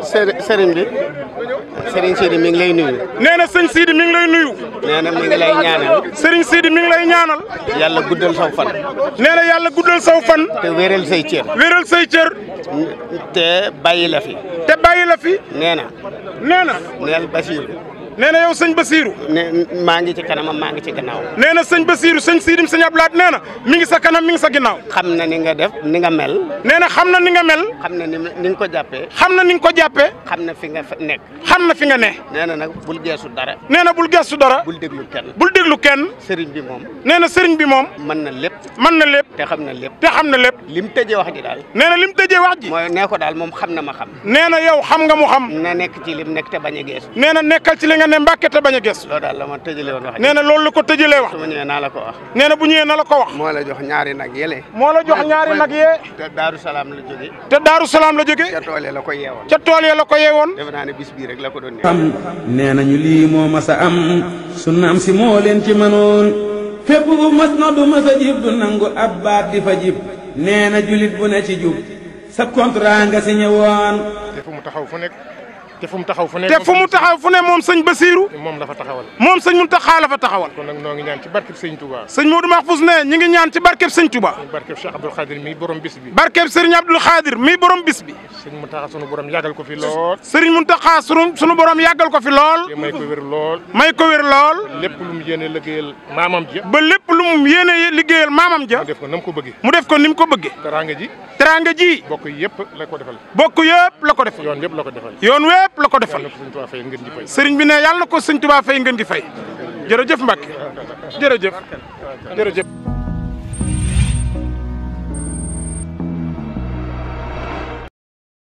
sëriñ bi sëriñ Sidi mi ngi lay nuyu. nee na sëñ Sidi mi lay nuyu. nee na mi ngi lay ñaanal. sëriñ Sidi mi lay ñaanal. yàlla guddal saw fan. nee na yàlla guddal saw fan. te wéral say cër. wéral say cër. te bàyyi la fi. te bàyyi la fi. nee na. nee na. neel nee na yow sëñ Basiiru ne maa ngi ci kanam maa ngi ci gannaaw nee na sëñ Basiiru sëñ Siidim sëñ Ablaat nee na mi ngi sa kanam mi ngi sa ginnaaw xam na ni nga def ni mel nee na xam na ni nga mel xam na ni ni nga ko jàppee xam na ni nga ko jàppee xam na fi nga nekk xam na fi nga ne nee na nag bul geesu dara nee na bul geesu dara bul déglu kenn bul déglu kenn sëriñ bi moom nee na sëriñ bi moom mën na lépp mën na lépp te xam na lépp te xam na lépp lim tëjee wax ji daal nee na lim tëjee wax ji mooy nee daal moom xam na ma xam nee na yow xam nga mu xam na nekk ci lim nekk te bañ a geesu nga ne mbacke ta baña a lo dal lama tejele won wax. neena lolou ko tejele wax. su ma ñëwee naa la ko wax. neena bu ñëwee na la ko wax. mo la jox ñaari nak yele mo la jox ñaari nak ye te daru salam la joge te daru salam la joge ca tole ya la ko yewon ca tole ya la ko yewon defe naa ne bis bi rek la ko don xam neena ñu li mo ma sa am sunna am si mo len ci manon fépp bu mas na du mas a jib nangu ab di fa jib nee julit bu ne ci jub sa contrat nga signé won defu mu taxaw fu nek te fu mu taxaw fu ne te fu mu sëñ Basiiru moom la fa taxawal mom sëñ Muntaxa la fa taxawal kon nak noo ngi ñaan ci barkeb sëñ Touba sëñ Modou Mahfous ne ñi ngi ñaan ci barkeb sëñ Touba barkeb Cheikh abdou Khadir mi borom bis bi barkeb sëriñ abdou Khadir mi borom bis bi sëñ Muntaxa sunu borom yagal ko fi lool sëriñ Muntaxa sunu sunu borom yagal ko fi lool may ko wér lool may ko wér lool lépp lu mu yene liggéeyal mamam ja ba lépp lu mu yene liggéeyal mamam ja mu def ko nam ko bëgge mu def ko ni ko bëggee teraanga ji teranga ji bokku yëpp la ko defal bokku yëpp la ko defal yoon yëpp la ko defal yoon wépp la ko defal sëriñ bi ne yàlla na ko sëñ Tuubaa fay ngeen di fay jërëjëf Mbàkke jërëjëf jërëjëf